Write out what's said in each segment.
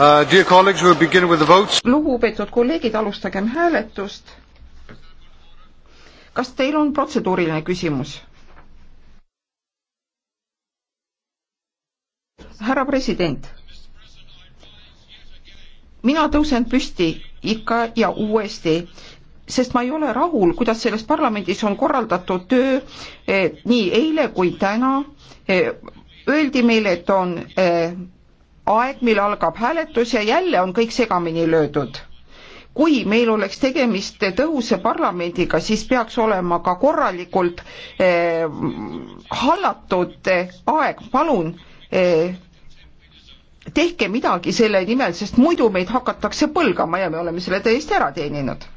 Uh, lugupeetud kolleegid, alustagem hääletust. kas teil on protseduuriline küsimus? härra president, mina tõusen püsti ikka ja uuesti, sest ma ei ole rahul, kuidas selles parlamendis on korraldatud töö eh, nii eile kui täna eh,. Öeldi meile, et on eh, aeg, mil algab hääletus ja jälle on kõik segamini löödud. kui meil oleks tegemist tõhusa parlamendiga, siis peaks olema ka korralikult eh, hallatud eh, aeg, palun eh, tehke midagi selle nimel, sest muidu meid hakatakse põlgama ja me oleme selle täiesti ära teeninud.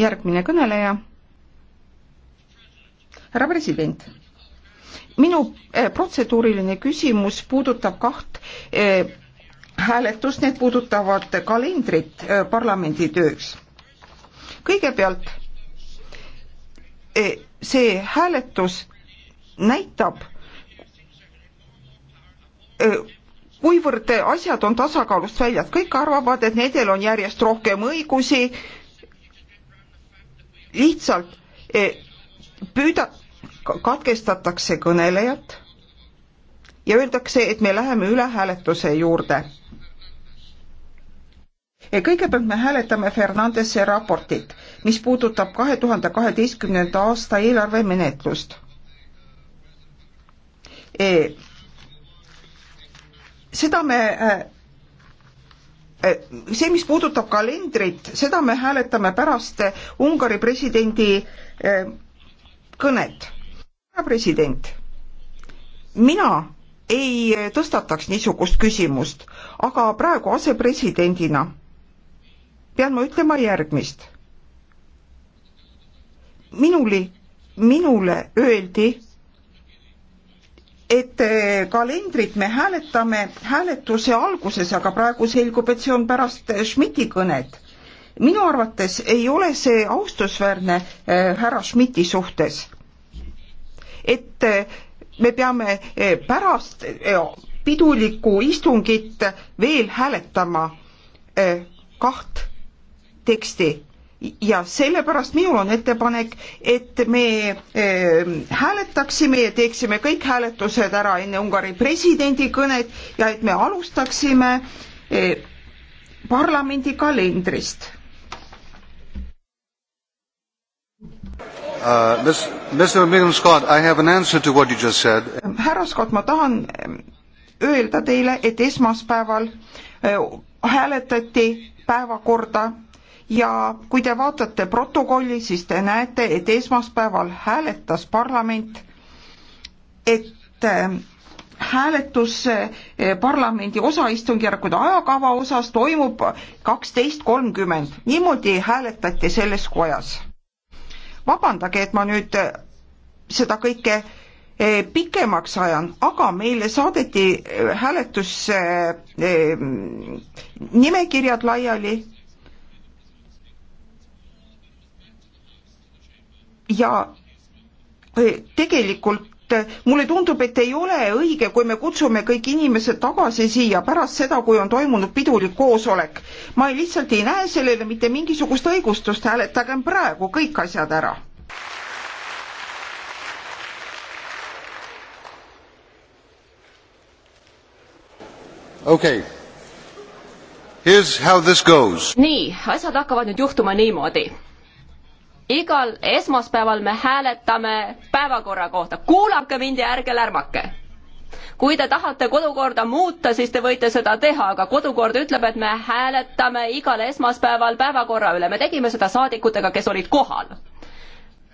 järgmine kõneleja härra president, minu eh, protseduuriline küsimus puudutab kaht eh, hääletust, need puudutavad kalendrit eh, parlamendi tööks. kõigepealt see hääletus näitab, kuivõrd asjad on tasakaalust väljas, kõik arvavad, et nendel on järjest rohkem õigusi, lihtsalt püüda, katkestatakse kõnelejat ja öeldakse, et me läheme üle hääletuse juurde. kõigepealt me hääletame Fernandese raportit, mis puudutab kahe tuhande kaheteistkümnenda aasta eelarvemenetlust e,. seda me e, e, see, mis puudutab kalendrit, seda me hääletame pärast Ungari presidendi e, kõnet. härra president, mina ei tõstataks niisugust küsimust, aga praegu asepresidendina pean ma ütlema järgmist. minuli, minule öeldi, et eh, kalendrit me hääletame hääletuse alguses, aga praegu selgub, et see on pärast Schmidti kõnet minu arvates ei ole see austusväärne äh, härra Schmidti suhtes. et äh, me peame äh, pärast pidulikku istungit veel hääletama kaht teksti ja sellepärast minul on ettepanek, et me äh, hääletaksime ja teeksime kõik hääletused ära enne Ungari presidendi kõnet ja et me alustaksime äh, parlamendi kalendrist Uh, miss, Mr. William Scott, I have an answer to what you just said. härra Scott, ma tahan ähm, öelda teile, et esmaspäeval äh, hääletati päevakorda ja kui te vaatate protokolli, siis te näete, et esmaspäeval hääletas parlament, et ähm, hääletus äh, parlamendi osaistungjärgude ajakava osas toimub kaksteist kolmkümmend. niimoodi hääletati selles kojas vabandage, et ma nüüd äh, seda kõike äh, pikemaks ajan, aga meile saadeti äh, hääletusse nimekirjad laiali ja tegelikult Äh, mulle tundub, et ei ole õige, kui me kutsume kõik inimesed tagasi siia pärast seda, kui on toimunud pidulik koosolek. ma ei, lihtsalt ei näe sellele mitte mingisugust õigustust, hääletagem praegu kõik asjad ära. okei okay., here's how this goes. nii, asjad hakkavad nüüd juhtuma niimoodi igal esmaspäeval me hääletame päevakorra kohta. kuulake mind ja ärge lärmake. kui te tahate kodukorda muuta, siis te võite seda teha, aga kodukord ütleb, et me hääletame igal esmaspäeval päevakorra üle. me tegime seda saadikutega, kes olid kohal.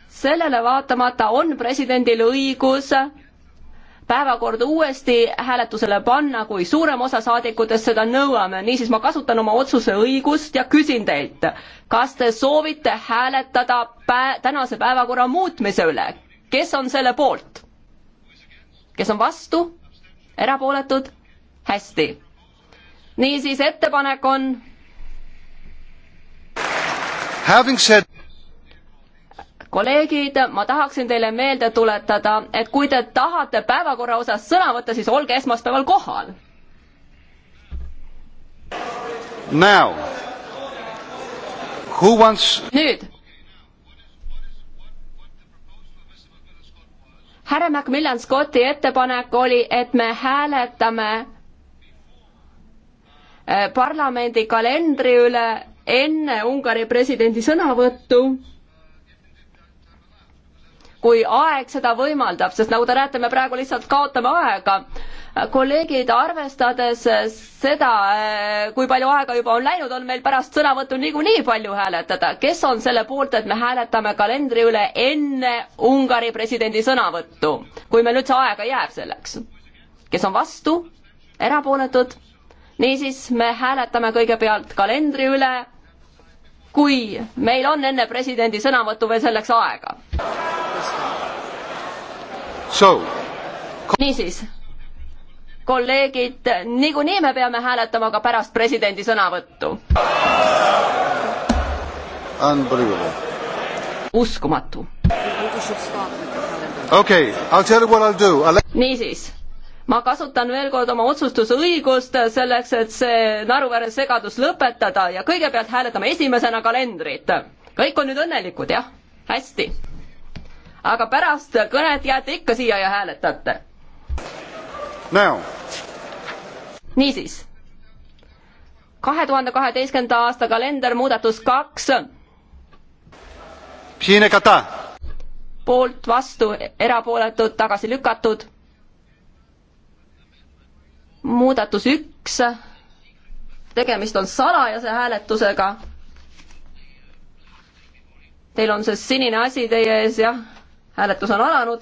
sellele vaatamata on presidendil õigus päevakord uuesti hääletusele panna, kui suurem osa saadikutest seda nõuame. niisiis ma kasutan oma otsuse õigust ja küsin teilt, kas te soovite hääletada pä tänase päevakorra muutmise üle? kes on selle poolt? kes on vastu? erapooletud? hästi. niisiis, ettepanek on. Said kolleegid, ma tahaksin teile meelde tuletada, et kui te tahate päevakorra osas sõna võtta, siis olge esmaspäeval kohal. Wants... nüüd. härra Macmillan Scotti ettepanek oli, et me hääletame eh, parlamendi kalendri üle enne Ungari presidendi sõnavõttu kui aeg seda võimaldab, sest nagu te näete, me praegu lihtsalt kaotame aega. kolleegid, arvestades seda, kui palju aega juba on läinud, on meil pärast sõnavõttu niikuinii palju hääletada. kes on selle poolt, et me hääletame kalendri üle enne Ungari presidendi sõnavõttu, kui meil üldse aega jääb selleks? kes on vastu, erapooletud? niisiis, me hääletame kõigepealt kalendri üle kui meil on enne presidendi sõnavõttu veel selleks aega niisiis, kolleegid, niikuinii me peame hääletama ka pärast presidendi sõnavõttu. uskumatu. Okay, niisiis, ma kasutan veel kord oma otsustusõigust selleks, et see naeruväärne segadus lõpetada ja kõigepealt hääletame esimesena kalendrit. kõik on nüüd õnnelikud, jah? hästi aga pärast kõnet jääte ikka siia ja hääletate. niisiis, kahe tuhande kaheteistkümnenda aasta kalender muudatus kaks. poolt, vastu, erapooletud, tagasi lükatud. muudatus üks, tegemist on salajase hääletusega Teil on see sinine asi teie ees, jah? hääletus on alanud.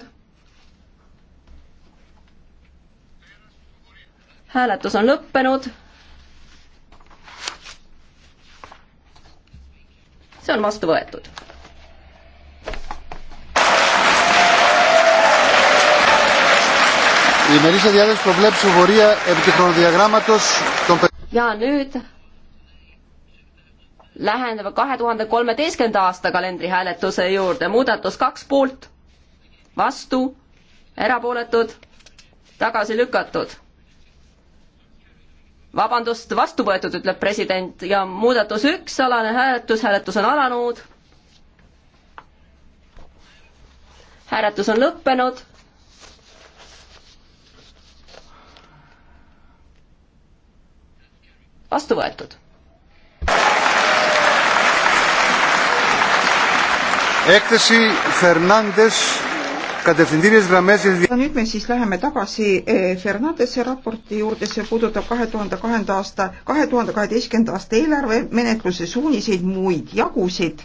hääletus on lõppenud. see on vastu võetud. ja nüüd läheneb kahe tuhande kolmeteistkümnenda aasta kalendri hääletuse juurde, muudatus kaks poolt vastu, erapooletud, tagasi lükatud. vabandust, vastu võetud, ütleb president ja muudatus üks, alane hääletus, hääletus on alanud. hääletus on lõppenud vastu võetud. Ektasi Fernandes no nüüd me siis läheme tagasi eh, Fernandese raporti juurde, see puudutab kahe tuhande kahenda aasta, kahe tuhande kaheteistkümnenda aasta eelarve menetluse suuniseid, muid jagusid.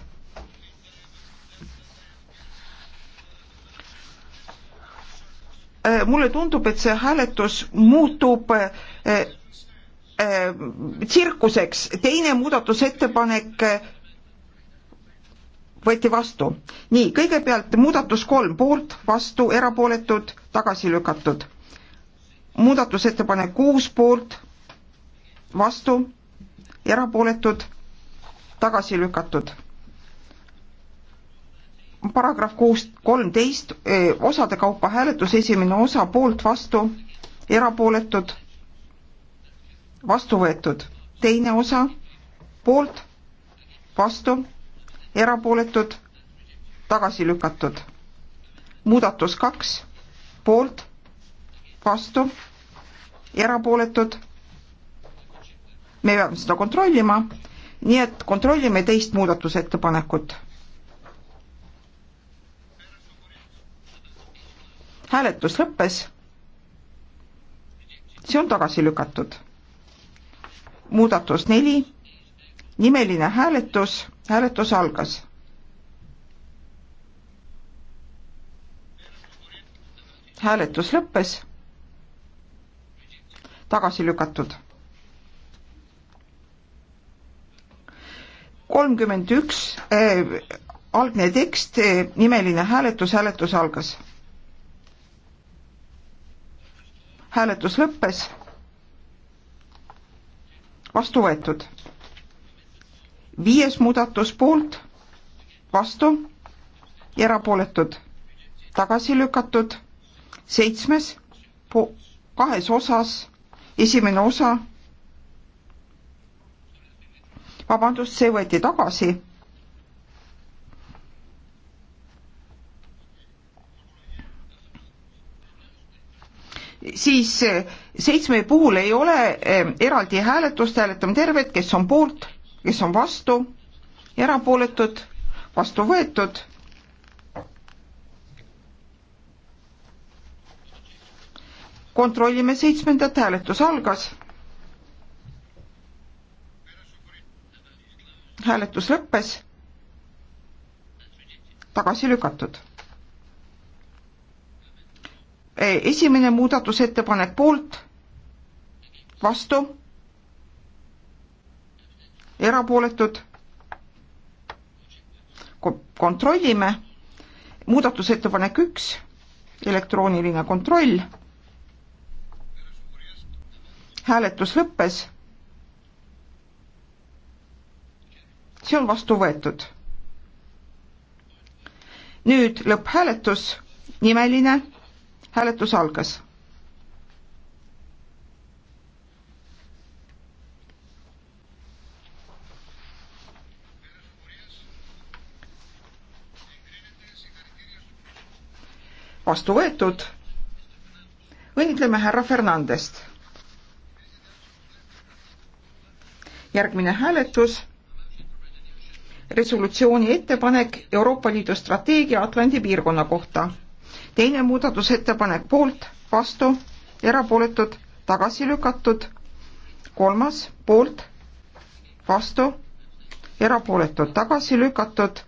Eh, mulle tundub, et see hääletus muutub eh, tsirkuseks, teine muudatusettepanek võeti vastu. nii, kõigepealt muudatus kolm poolt, vastu, erapooletud, tagasi lükatud. muudatusettepanek kuus poolt, vastu, erapooletud, tagasi lükatud. paragrahv kuus, kolmteist, eh, osade kaupa hääletus, esimene osa poolt, vastu, erapooletud, vastu võetud. teine osa poolt, vastu erapooletud, tagasi lükatud. muudatus kaks, poolt, vastu, erapooletud. me peame seda kontrollima, nii et kontrollime teist muudatusettepanekut. hääletus lõppes. see on tagasi lükatud. muudatus neli, nimeline hääletus hääletus algas. hääletus lõppes. tagasi lükatud. kolmkümmend üks eh, algne tekst, eh, nimeline hääletus, hääletus algas. hääletus lõppes. vastu võetud viies muudatus poolt, vastu, erapooletud, tagasi lükatud, seitsmes, kahes osas, esimene osa, vabandust, see võeti tagasi siis eh, seitsme puhul ei ole eh, eraldi hääletust, hääletame tervet, kes on poolt, kes on vastu, erapooletud, vastu võetud. kontrollime seitsmendat, hääletus algas. hääletus lõppes. tagasi lükatud. esimene muudatusettepanek poolt, vastu erapooletud. kontrollime, muudatusettepanek üks, elektrooniline kontroll. hääletus lõppes. see on vastu võetud. nüüd lõpphääletus, nimeline hääletus algas vastu võetud. õnnitleme härra Fernandest. järgmine hääletus. resolutsiooni ettepanek Euroopa Liidu strateegia Atlandi piirkonna kohta. teine muudatusettepanek poolt, vastu, erapooletud, tagasi lükatud. kolmas poolt, vastu, erapooletud, tagasi lükatud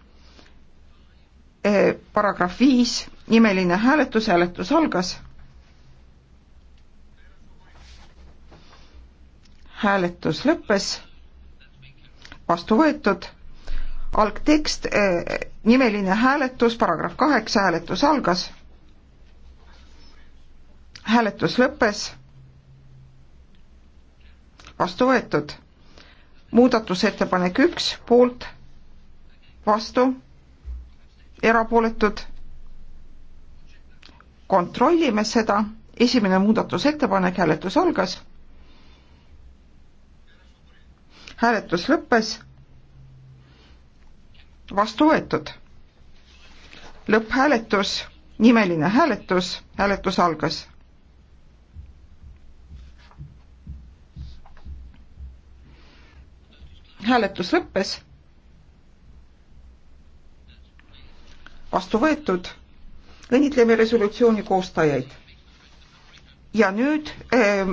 eh, paragrahv viis nimeline hääletus, hääletus algas. hääletus lõppes, vastu võetud, algtekst, nimeline eh, hääletus, paragrahv kaheksa, hääletus algas, hääletus lõppes, vastu võetud, muudatusettepanek üks, poolt, vastu, erapooletud kontrollime seda, esimene muudatusettepanek, hääletus algas. hääletus lõppes. vastu võetud. lõpphääletus, nimeline hääletus, hääletus algas. hääletus lõppes. vastu võetud õnnitleme resolutsiooni koostajaid ja nüüd öö, ehm,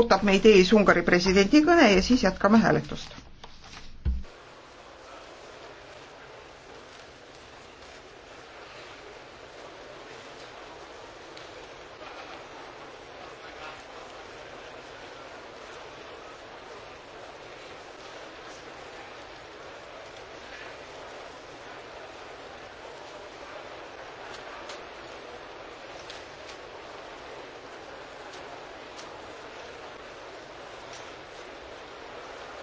ootab meid ees Ungari presidendi kõne ja siis jätkame hääletust.